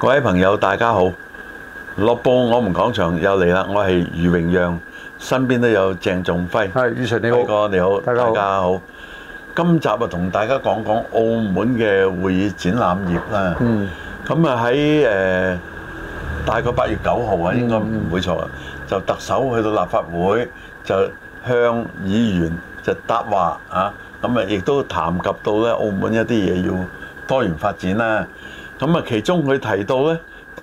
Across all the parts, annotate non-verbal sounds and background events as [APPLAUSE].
各位朋友，大家好！樂報我們講場又嚟啦！我係余榮讓，身邊都有鄭仲輝。係，余常你好。你好，大家好，大家好。今集啊，同大家講講澳門嘅會議展覽業啦。嗯。咁啊喺誒，大概八月九號啊，應該唔會錯啊。嗯、就特首去到立法會，就向議員就答話啊。咁啊，亦都談及到咧，澳門一啲嘢要多元發展啦。咁啊，其中佢提到咧，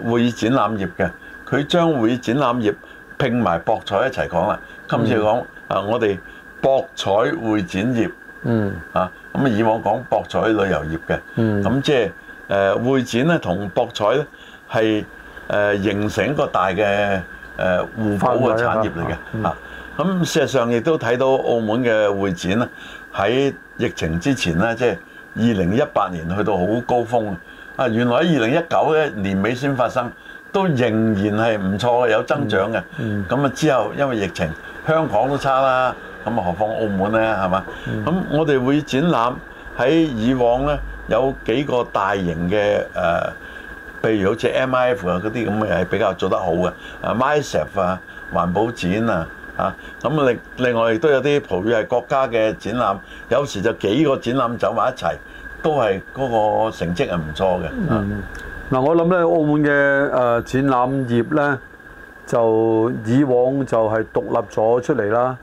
會展覽業嘅，佢將會展覽業業拼埋博彩一齊講啦。今次講啊，我哋博彩會展業，嗯啊，咁啊以往講博彩旅遊業嘅，嗯，咁、啊、即係誒會展咧同博彩咧係誒形成一個大嘅誒互補嘅產業嚟嘅。嗯嗯、啊，咁事實上亦都睇到澳門嘅會展咧喺疫情之前咧，即係二零一八年去到好高峰。啊，原來喺二零一九咧年尾先發生，都仍然係唔錯嘅，有增長嘅。咁啊、嗯嗯、之後因為疫情，香港都差啦，咁啊何況澳門呢？係嘛？咁、嗯、我哋會展覽喺以往呢，有幾個大型嘅誒，譬、呃、如好似 MIF 啊嗰啲咁嘅係比較做得好嘅，啊 MISAP 啊，環保展啊，嚇咁另另外亦都有啲葡語係國家嘅展覽，有時就幾個展覽走埋一齊。都係嗰、那個成績係唔錯嘅。嗱、嗯嗯，我諗咧，澳門嘅誒、呃、展覽業咧，就以往就係獨立咗出嚟啦，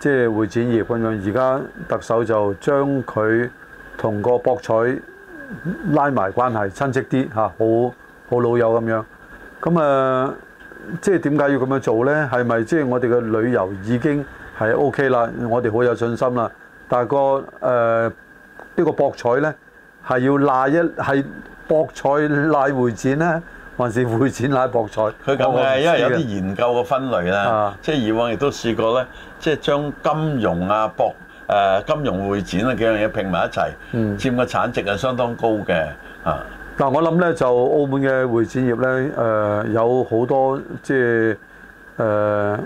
即、就、係、是、會展業咁樣。而、嗯、家特首就將佢同個博彩拉埋關係，親戚啲嚇，好、啊、好老友咁樣。咁誒，即係點解要咁樣做咧？係咪即係我哋嘅旅遊已經係 OK 啦？我哋好有信心啦。但係、那個誒。呃呢個博彩呢，係要賴一係博彩賴會展呢，還是會展賴博彩？佢咁嘅，因為有啲研究嘅分類啦，是啊、即係以往亦都試過呢，即係將金融啊、博誒、呃、金融會展啊幾樣嘢拼埋一齊，佔嘅產值係相當高嘅啊、嗯！嗱、嗯，我諗呢，就澳門嘅會展業呢，誒、呃、有好多即係誒、呃、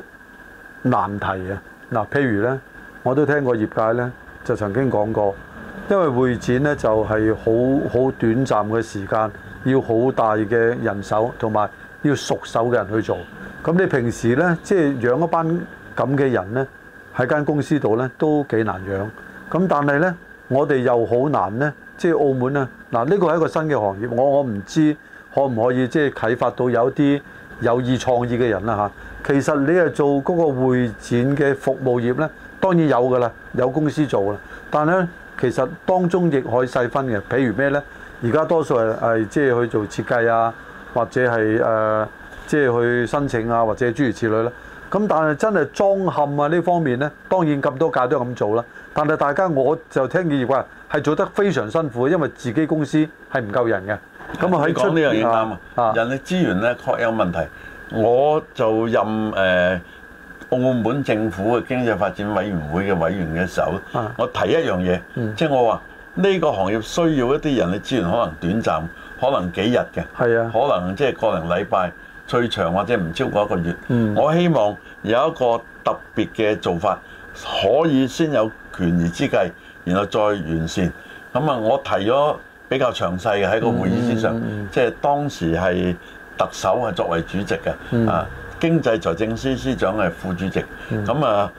難題啊！嗱、呃，譬如呢，我都聽過業界呢，就曾經講過。因為會展呢，就係好好短暫嘅時間，要好大嘅人手同埋要熟手嘅人去做。咁你平時呢，即係養一班咁嘅人呢，喺間公司度呢，都幾難養。咁但係呢，我哋又好難呢，即係澳門呢。嗱，呢個係一個新嘅行業。我我唔知可唔可以即係啟發到有啲有意創意嘅人啦嚇。其實你係做嗰個會展嘅服務業呢，當然有㗎啦，有公司做啦，但係呢。其實當中亦可以細分嘅，譬如咩呢？而家多數係即係去做設計啊，或者係誒即係去申請啊，或者諸如此類啦。咁但係真係裝嵌啊呢方面呢，當然咁多屆都係咁做啦。但係大家我就聽見業外係做得非常辛苦，因為自己公司係唔夠人嘅。咁的啊，喺出邊啊？人力資源呢確有問題。我就任誒，呃澳門政府嘅經濟發展委員會嘅委員嘅時候，啊、我提一樣嘢，即係我話呢個行業需要一啲人力資源，可能短暫，可能幾日嘅，啊、可能即係個零禮拜最長或者唔超過一個月。嗯、我希望有一個特別嘅做法，可以先有權宜之計，然後再完善。咁啊，我提咗比較詳細嘅喺個會議之上，即係、嗯嗯嗯嗯、當時係特首係作為主席嘅啊。嗯嗯嗯經濟財政司司長係副主席，咁啊、嗯嗯、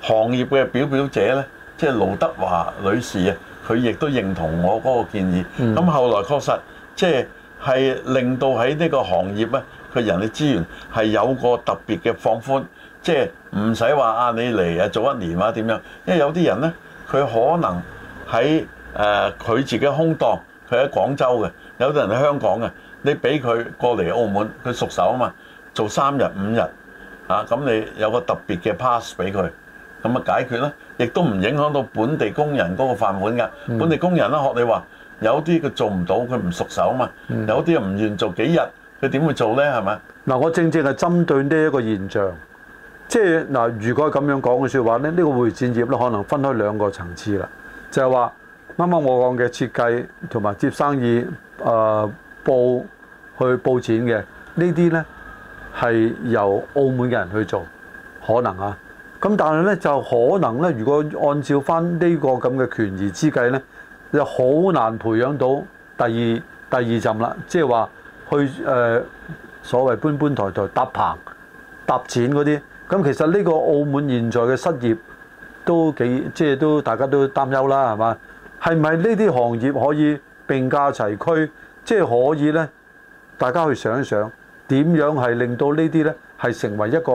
行業嘅表表者呢，即、就、係、是、盧德華女士啊，佢亦都認同我嗰個建議。咁、嗯嗯、後來確實即係、就是、令到喺呢個行業呢，佢人力資源係有個特別嘅放寬，即係唔使話啊你嚟啊做一年或者點樣，因為有啲人呢，佢可能喺誒佢自己空檔，佢喺廣州嘅，有啲人喺香港嘅，你俾佢過嚟澳門，佢熟手啊嘛。做三日五日，嚇、啊、咁你有個特別嘅 pass 俾佢，咁啊解決啦，亦都唔影響到本地工人嗰個飯碗嘅。嗯、本地工人啦，學你話，有啲佢做唔到，佢唔熟手啊嘛。嗯、有啲又唔願意做幾日，佢點會做呢？係咪嗱，我正正係針對呢一個現象，即係嗱、啊，如果咁樣講嘅説話呢，呢、呢個會展業咧，可能分開兩個層次啦，就係話啱啱我講嘅設計同埋接生意啊報去報展嘅呢啲呢。係由澳門嘅人去做，可能啊，咁但係呢，就可能呢，如果按照翻呢個咁嘅權宜之計呢，就好難培養到第二第二陣啦，即係話去誒、呃、所謂搬搬抬抬搭棚搭展嗰啲，咁、嗯、其實呢個澳門現在嘅失業都幾即係都大家都擔憂啦，係嘛？係咪呢啲行業可以並駕齊驅，即係可以呢，大家去想一想。點樣係令到呢啲呢？係成為一個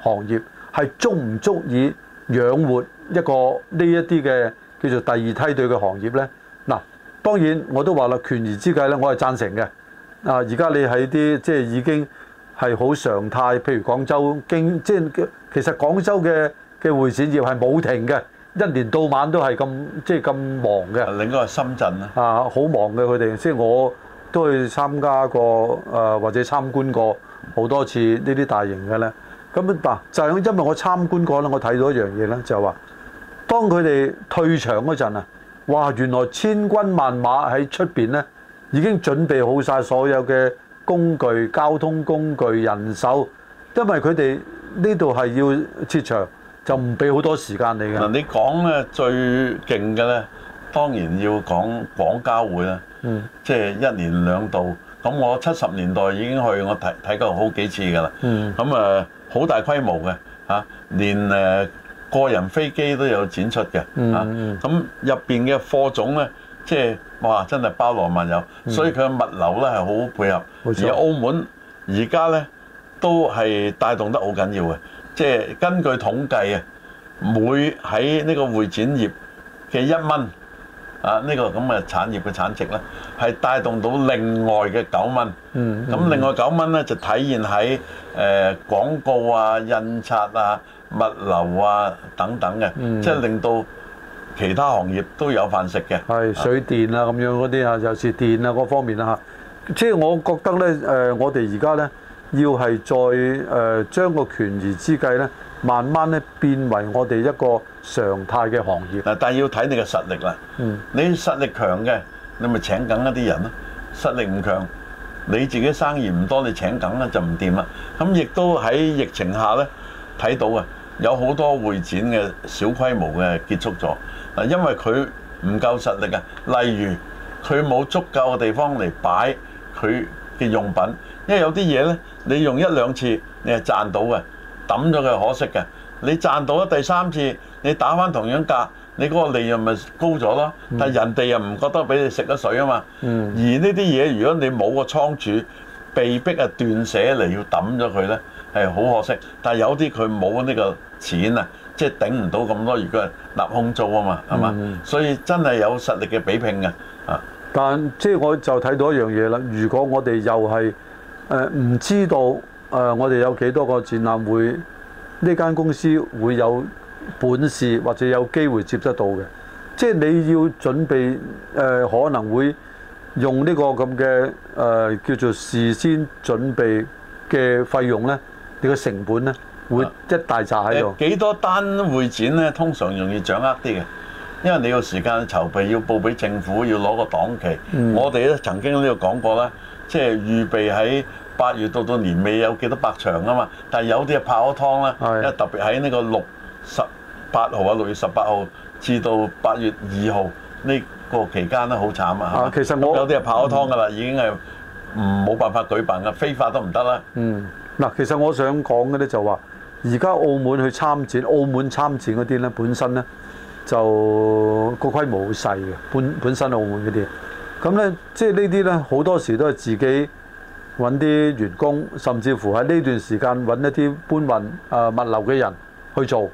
行業係足唔足以養活一個呢一啲嘅叫做第二梯隊嘅行業呢？嗱，當然我都話啦，權宜之計呢，我係贊成嘅。啊，而家你喺啲即係已經係好常態，譬如廣州經即係其實廣州嘅嘅會展業係冇停嘅，一年到晚都係咁即係咁忙嘅。另一個係深圳啦。啊，好忙嘅佢哋，即係我。都去參加過，誒、呃、或者參觀過好多次呢啲大型嘅呢。咁啊嗱，就係因為我參觀過啦，我睇到一樣嘢呢，就係話當佢哋退場嗰陣啊，哇！原來千軍萬馬喺出邊呢已經準備好晒所有嘅工具、交通工具、人手，因為佢哋呢度係要撤場，就唔俾好多時間你嘅。嗱，你講呢最勁嘅呢。當然要講廣交會啦，即係、嗯、一年兩度。咁我七十年代已經去，我睇睇過好幾次㗎啦。咁啊、嗯，好大規模嘅嚇、啊，連誒個人飛機都有展出嘅嚇。咁入邊嘅貨種咧，即係，哇，真係包羅萬有，嗯、所以佢嘅物流咧係好配合。冇錯。而澳門而家咧都係帶動得好緊要嘅，即係根據統計啊，每喺呢個會展業嘅一蚊。啊！呢個咁嘅產業嘅產值呢，係帶動到另外嘅九蚊。嗯。咁另外九蚊呢，就體現喺誒、呃、廣告啊、印刷啊、物流啊等等嘅。即係令到其他行業都有飯食嘅。係。水電啊咁樣嗰啲啊，又係電啊嗰方面啦、啊、嚇。即係我覺得呢，誒、呃、我哋而家呢，要係再誒、呃、將個權宜之計呢，慢慢呢，變為我哋一個，常態嘅行業嗱，但係要睇你嘅實力啦。嗯，你實力強嘅，你咪請緊一啲人咯，啊。實力唔強，你自己生意唔多，你請緊咧就唔掂啦。咁亦都喺疫情下咧，睇到啊，有好多會展嘅小規模嘅結束咗嗱，因為佢唔夠實力啊。例如佢冇足夠嘅地方嚟擺佢嘅用品，因為有啲嘢咧，你用一兩次你係賺到嘅，抌咗佢可惜嘅，你賺到咗第三次。你打翻同樣價，你嗰個利潤咪高咗咯？嗯、但係人哋又唔覺得俾你食咗水啊嘛。嗯、而呢啲嘢，如果你冇個倉儲，被逼啊斷捨嚟要抌咗佢咧，係好可惜。嗯、但係有啲佢冇呢個錢啊，即、就、係、是、頂唔到咁多，如果係立空租啊嘛，係嘛？嗯、所以真係有實力嘅比拼嘅啊。嗯、但即係、就是、我就睇到一樣嘢啦。如果我哋又係誒唔知道誒、呃，我哋有幾多個展覽會？呢間公司會有？本事或者有機會接得到嘅，即係你要準備誒、呃、可能會用呢個咁嘅誒叫做事先準備嘅費用咧，你個成本咧會一大紮喺度。幾多單會展咧，通常容易掌握啲嘅，因為你要時間籌備，要報俾政府，要攞個檔期。嗯、我哋咧曾經呢度講過咧，即係預備喺八月到到年尾有幾多百場啊嘛，但係有啲係泡湯啦，因為特別喺呢個六。十八號啊，六月十八號至到八月二號呢個期間咧，好慘啊！啊，其實我有啲係泡湯噶啦，嗯、已經係唔冇辦法舉辦噶，非法都唔得啦。嗯，嗱，其實我想講嘅咧就話，而家澳門去參展，澳門參展嗰啲咧本身咧就個規模好細嘅，本本身澳門嗰啲，咁咧即係呢啲咧好多時都係自己揾啲員工，甚至乎喺呢段時間揾一啲搬運啊物流嘅人去做。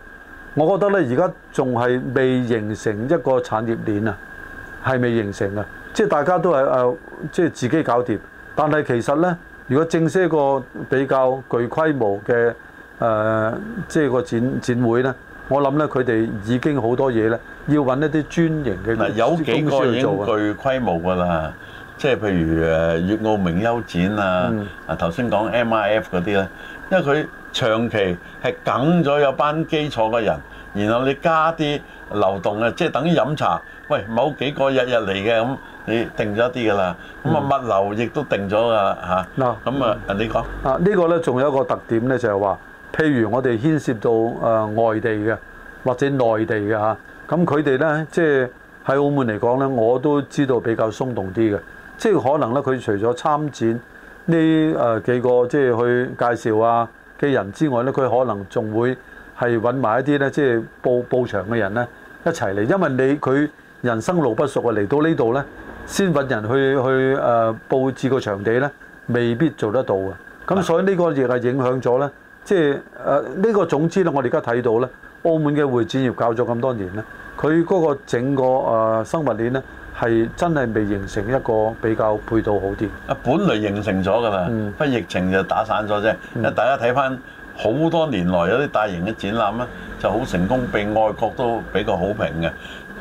我覺得咧，而家仲係未形成一個產業鏈啊，係未形成啊。即係大家都係誒、呃，即係自己搞掂。但係其實咧，如果正式一個比較具規模嘅誒、呃，即係個展展會咧，我諗咧佢哋已經好多嘢咧，要搵一啲專營嘅，嗱有幾個已經具規模㗎啦、嗯，即係譬如誒粵澳名優展啊，嗱頭先講 MIF 嗰啲咧，因為佢。長期係梗咗有班基礎嘅人，然後你加啲流動嘅，即係等於飲茶。喂，某幾個日日嚟嘅咁，你定咗啲㗎啦。咁、嗯、啊，物流亦都定咗㗎嚇。嗱、嗯，咁啊，你講啊，呢個咧仲有一個特點咧，就係話，譬如我哋牽涉到誒外地嘅或者內地嘅嚇，咁佢哋咧即係喺澳門嚟講咧，我都知道比較鬆動啲嘅，即係可能咧佢除咗參展呢誒幾個即係去介紹啊。嘅人之外咧，佢可能仲會係揾埋一啲咧，即係佈佈場嘅人咧，一齊嚟，因為你佢人生路不熟啊，嚟到呢度咧先揾人去去誒呃、佈置個場地咧，未必做得到啊。咁所以呢個亦係影響咗咧，即係誒呢個總之咧，我哋而家睇到咧，澳門嘅會展業搞咗咁多年咧，佢嗰個整個誒、呃、生物鏈咧。係真係未形成一個比較配套好啲。啊，本來形成咗噶喇，不過、嗯、疫情就打散咗啫。嗯、大家睇翻好多年來有啲大型嘅展覽咧，就好成功，被外國都畀個好評嘅。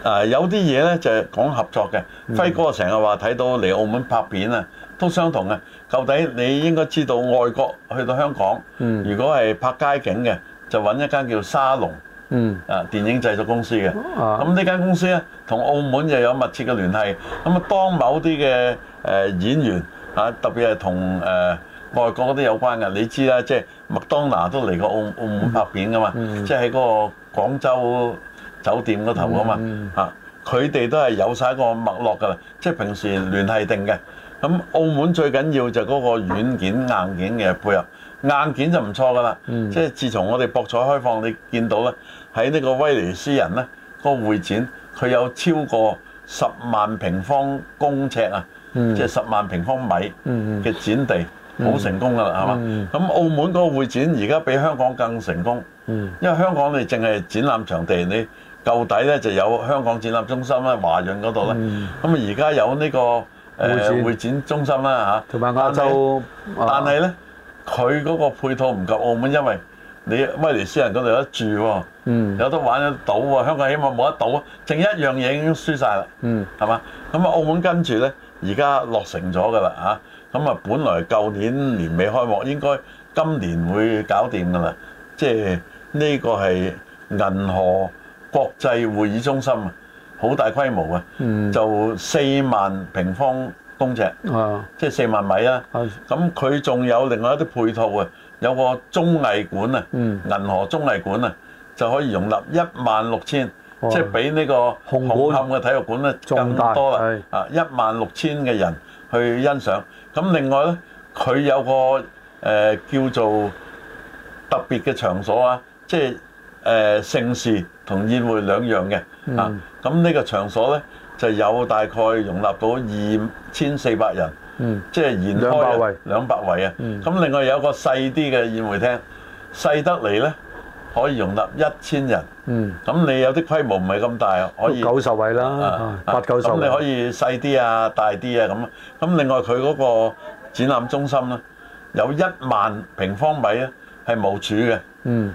啊，有啲嘢咧就係、是、講合作嘅。嗯、輝哥成日話睇到嚟澳門拍片啊，都相同嘅。究竟你應該知道外國去到香港，嗯、如果係拍街景嘅，就揾一間叫沙龍。嗯，啊，電影製作公司嘅，咁呢間公司咧，同澳門又有密切嘅聯繫。咁啊，當某啲嘅誒演員啊，特別係同誒外國嗰啲有關嘅，你知啦，即係麥當娜都嚟過澳澳門拍片噶嘛，嗯、即係喺嗰個廣州酒店嗰頭噶嘛，嗯、啊，佢哋都係有晒一個脈絡噶啦，即係平時聯繫定嘅。咁澳門最緊要就嗰個軟件硬件嘅配合，硬件就唔錯噶啦。即係自從我哋博彩開放，你見到咧，喺呢個威尼斯人咧個會展，佢有超過十萬平方公尺啊，即係十萬平方米嘅展地，好成功噶啦，係嘛？咁澳門嗰個會展而家比香港更成功，因為香港你淨係展覽場地，你舊底咧就有香港展覽中心咧、華潤嗰度咧，咁而家有呢個。誒會，會展中心啦同埋嚇，就但係是咧，佢嗰、啊、個配套唔夠澳門，因為你威尼斯人嗰度有得住喎、啊嗯，有得玩得賭喎，香港起碼冇得賭啊，剩一樣嘢已經輸晒啦，嗯，係嘛？咁啊，澳門跟住咧，而家落成咗噶啦啊，咁啊，本來舊年年尾開幕，應該今年會搞掂噶啦，即係呢個係銀河國際會議中心、啊。好大規模啊，嗯、就四萬平方公尺，啊、即係四萬米啦。咁佢仲有另外一啲配套啊，有個綜藝館啊，嗯、銀河綜藝館啊，就可以容納一萬六千，即係、啊、比呢個紅磡嘅體育館咧更多啊！一萬六千嘅人去欣賞。咁另外咧，佢有個誒、呃、叫做特別嘅場所啊，即係。誒盛事同宴會兩樣嘅，啊，咁呢個場所呢就有大概容納到二千四百人，嗯，即係延開兩百位，兩百位啊，咁另外有個細啲嘅宴會廳，細得嚟呢可以容納一千人，嗯，咁你有啲規模唔係咁大，可以九十位啦，八九十，咁你可以細啲啊，大啲啊，咁，咁另外佢嗰個展覽中心呢，有一萬平方米呢係無柱嘅，嗯。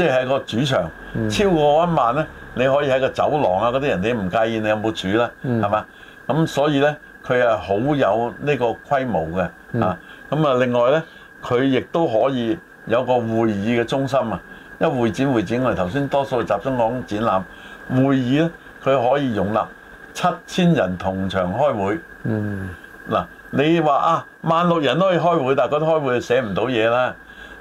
即係喺個主場超過一萬咧，你可以喺個走廊啊嗰啲人，你唔介意你有冇住啦，係嘛、嗯？咁、嗯、所以呢，佢係好有呢個規模嘅啊。咁、嗯、啊、嗯嗯，另外呢，佢亦都可以有個會議嘅中心啊，因為會展會展我哋頭先多數集中講展覽，會議呢，佢可以容納七千人同場開會。嗱、嗯啊，你話啊，萬六人都可以開會，但係嗰啲開會就寫唔到嘢啦。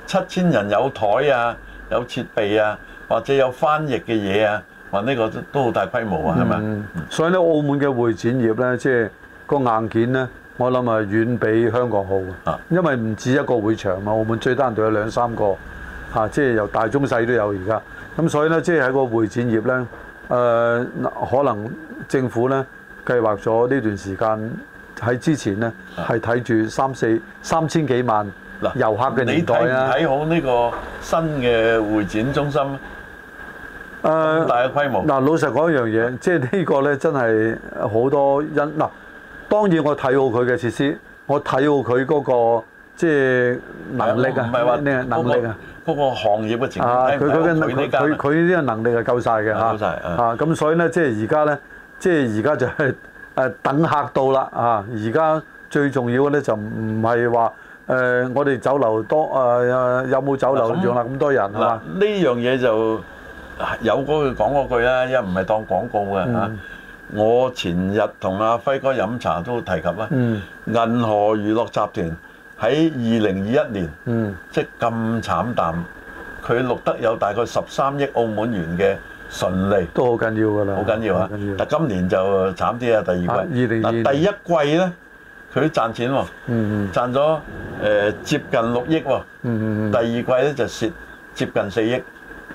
七千人有台啊！有設備啊，或者有翻譯嘅嘢啊，話呢個都好大規模啊，係嘛？嗯，所以咧，澳門嘅會展業咧，即係個硬件咧，我諗係，遠比香港好啊。因為唔止一個會場啊，澳門最低限度有兩三個嚇，即係由大中細都有而家。咁所以咧，即係喺個會展業咧，誒可能政府咧計劃咗呢段時間喺之前咧，係睇住三四三千幾萬。嗱，遊客嘅年代啊！你睇唔睇好呢個新嘅會展中心？誒，大嘅規模嗱。老實講一樣嘢，即係呢個咧，真係好多因嗱。當然我睇好佢嘅設施，我睇好佢嗰個即係能力啊，唔係話能力啊，嗰個行業嘅情況啊。佢佢佢佢呢個能力係夠晒嘅吓夠晒啊咁，所以咧即係而家咧，即係而家就係誒等客到啦啊！而家最重要嘅咧就唔係話。誒，我哋酒樓多啊！有冇酒樓容納咁多人？嗱，呢樣嘢就有嗰句講嗰句啦，因為唔係當廣告嘅吓。我前日同阿輝哥飲茶都提及啦。嗯，銀河娛樂集團喺二零二一年，嗯，即係咁慘淡，佢錄得有大概十三億澳門元嘅純利，都好緊要㗎啦。好緊要啊！但係今年就慘啲啊，第二季。二零二。嗱，第一季咧。佢都賺錢喎、哦，嗯、賺咗誒、呃、接近六億喎、哦，嗯、第二季咧就蝕接近四億、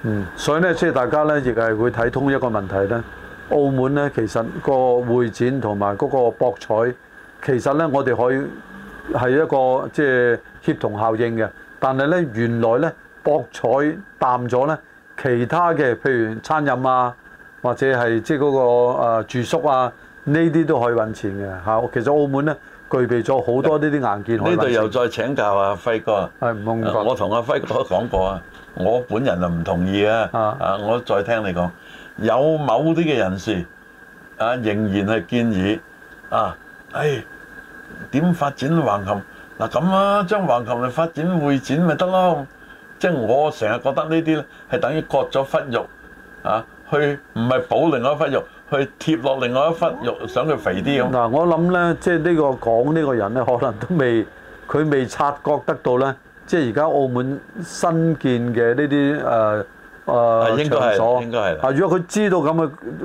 嗯。所以咧，即係大家咧，亦係會睇通一個問題咧。澳門咧，其實個會展同埋嗰個博彩，其實咧我哋可以係一個即係、就是、協同效應嘅。但係咧，原來咧博彩淡咗咧，其他嘅譬如餐飲啊，或者係即係嗰個誒住宿啊，呢啲都可以揾錢嘅嚇。其實澳門咧。具備咗好多呢啲硬件，呢度又再請教啊，輝哥。是啊，唔、嗯、我同阿輝哥講過啊，我本人就唔同意啊。啊，啊我再聽你講，有某啲嘅人士啊，仍然係建議啊，誒、哎、點發展橫琴嗱咁啊，將橫琴嚟發展會展咪得咯？即、就、係、是、我成日覺得呢啲係等於割咗忽肉啊，去唔係補另外一塊肉。去貼落另外一忽肉，想佢肥啲咁。嗱、嗯，我諗咧，即係呢個講呢個人咧，可能都未，佢未察覺得到咧，即係而家澳門新建嘅呢啲誒誒會所，應該係啊，如果佢知道咁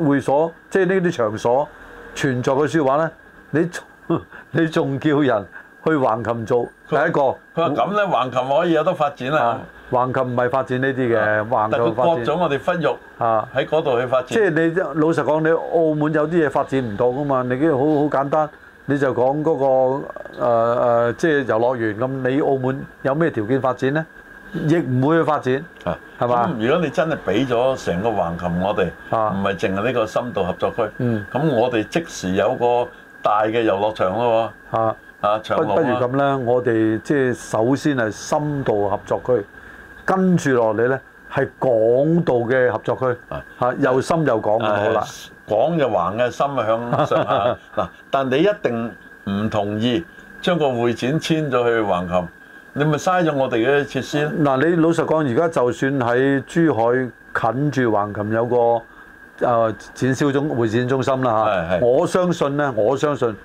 嘅會所，即係呢啲場所存在嘅説話咧，你 [LAUGHS] 你仲叫人去橫琴做他第一個？佢話咁咧，橫琴可以有得發展啊！橫琴唔係發展呢啲嘅，橫琴發展，但係佢割咗我哋分域啊，喺嗰度去發展。即係你老實講，你澳門有啲嘢發展唔到噶嘛？你啲好好簡單，你就講嗰、那個誒即係遊樂園咁。你澳門有咩條件發展呢？亦唔會去發展，係嘛、啊？咁吧如果你真係俾咗成個橫琴我哋，唔係淨係呢個深度合作區，咁、嗯、我哋即時有個大嘅遊樂場咯喎。嚇、啊、不，不如咁呢，我哋即係首先係深度合作區。跟住落嚟呢係港度嘅合作區，嚇是又深又廣咁是好啦吧。廣就橫嘅，深啊向下。 [LAUGHS] 但你一定唔同意將個會展遷咗去橫琴，你咪嘥咗我哋嘅設施。嗱、啊，你老實講，而家就算喺珠海近住橫琴有個誒展銷中會展中心啦嚇，啊、我相信呢，我相信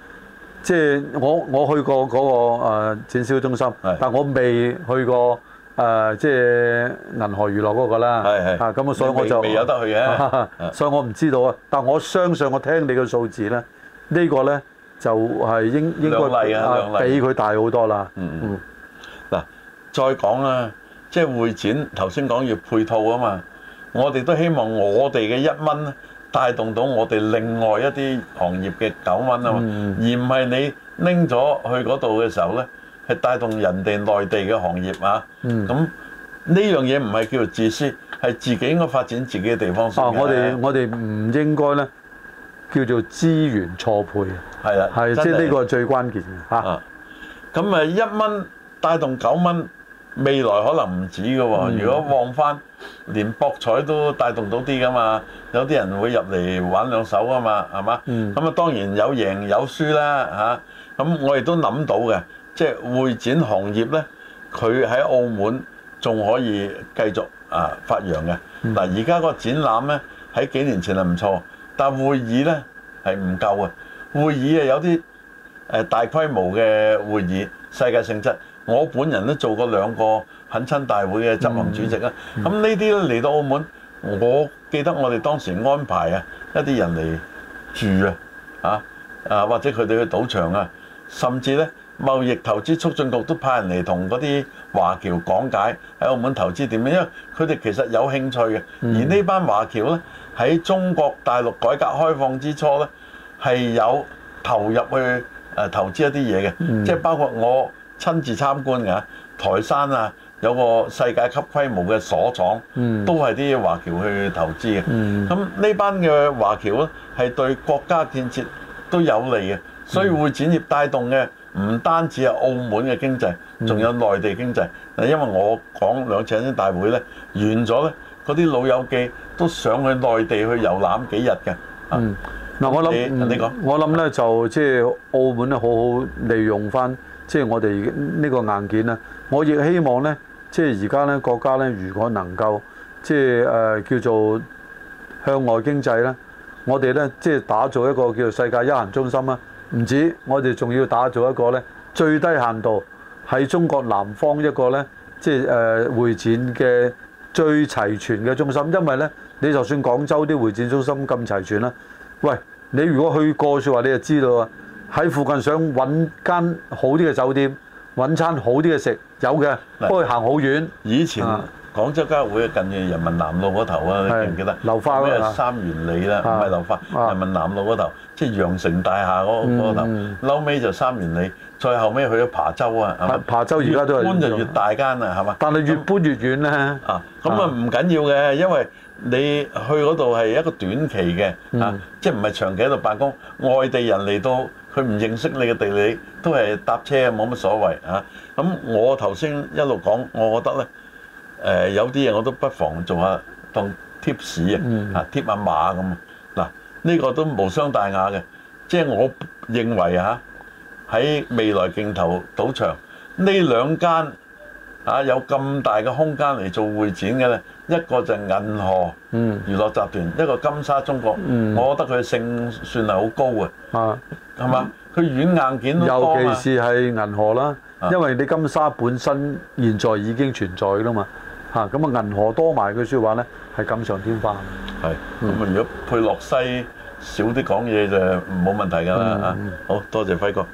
即係我我去過嗰個展銷中心，是但我未去過。誒、呃，即係銀河娛樂嗰個啦，係係是，啊，咁啊，所以我就未有得去嘅， [LAUGHS] 所以我唔知道啊。但我相信我聽你嘅數字咧，這個、呢個咧就係、是、應應該比佢、啊、大好多啦。嗯嗯。嗱、嗯，再講啦，即係會展頭先講要配套啊嘛，我哋都希望我哋嘅一蚊帶動到我哋另外一啲行業嘅九蚊啊嘛，嗯、而唔係你拎咗去嗰度嘅時候咧。係帶動人哋內地嘅行業啊！咁呢、嗯、樣嘢唔係叫做自私，係自己應該發展，自己嘅地方、啊啊、我哋我哋唔應該呢叫做資源錯配。係啦的，係即係呢個係最關鍵嘅嚇。咁啊，啊一蚊帶動九蚊，未來可能唔止㗎喎、啊。嗯、如果旺翻，連博彩都帶動到啲噶嘛，有啲人會入嚟玩兩手啊嘛，係嘛？咁啊、嗯，嗯、當然有贏有輸啦嚇。咁、啊、我亦都諗到嘅。即係會展行業呢，佢喺澳門仲可以繼續啊發揚嘅。嗱、嗯，而家個展覽呢，喺幾年前係唔錯，但會議呢，係唔夠嘅。會議啊，有啲大規模嘅會議，世界性質。我本人都做過兩個懇親大會嘅執行主席啊。咁呢啲呢嚟到澳門，我記得我哋當時安排啊一啲人嚟住啊，啊或者佢哋去賭場啊，甚至呢。貿易投資促進局都派人嚟同嗰啲華僑講解喺澳門投資點樣，因為佢哋其實有興趣嘅。而呢班華僑呢，喺中國大陸改革開放之初呢，係有投入去誒投資一啲嘢嘅，即係包括我親自參觀嘅台山啊，有個世界級規模嘅所廠，都係啲華僑去投資嘅。咁呢班嘅華僑呢，係對國家建設都有利嘅，所以會展業帶動嘅。唔單止係澳門嘅經濟，仲有內地經濟。嗱、嗯，因為我講兩請啲大會咧完咗咧，嗰啲老友記都想去內地去遊覽幾日嘅、嗯。嗯，嗱，我諗，我諗咧就即係、就是、澳門咧好好利用翻，即、就、係、是、我哋呢個硬件啊。我亦希望咧，即係而家咧國家咧，如果能夠即係誒叫做向外經濟咧，我哋咧即係打造一個叫做世界休閒中心啊！唔止，我哋仲要打造一個咧最低限度喺中國南方一個咧，即係誒會展嘅最齊全嘅中心。因為咧，你就算廣州啲會展中心咁齊全啦，喂，你如果去過嘅話，你就知道啊，喺附近想揾間好啲嘅酒店，揾餐好啲嘅食，有嘅，的不過行好遠。以前。啊。廣州交會近住人民南路嗰頭啊，是你記唔記得？流花啦，咁三元里啦，唔係流花，是啊、人民南路嗰頭，即係羊城大廈嗰嗰頭，嗯嗯後尾就三元里，最後尾去咗琶洲啊，琶洲而家都越搬就越大間啊，係嘛？但係越搬越遠咧、啊那，啊，咁啊唔緊要嘅，因為你去嗰度係一個短期嘅，啊，嗯嗯即係唔係長期喺度辦公。外地人嚟到，佢唔認識你嘅地理，都係搭車冇乜所謂啊。咁我頭先一路講，我覺得咧。誒、呃、有啲嘢我都不妨做下當貼士、嗯、啊，啊貼下碼咁。嗱呢、呢個都無傷大雅嘅，即係我認為嚇喺、啊、未來競投賭場呢兩間啊有咁大嘅空間嚟做會展嘅咧，一個就係銀河娛樂集團，嗯、一個金沙中國。嗯、我覺得佢勝算係好高嘅，係嘛、啊？佢、啊、軟硬件都多啊。尤其是係銀河啦，啊啊、因為你金沙本身現在已經存在㗎嘛。啊嚇！咁啊，那銀河多埋嘅説話呢，係錦上添花。係。嗯、如果佩洛西少啲講嘢就冇問題㗎啦，嗯、好多謝輝哥。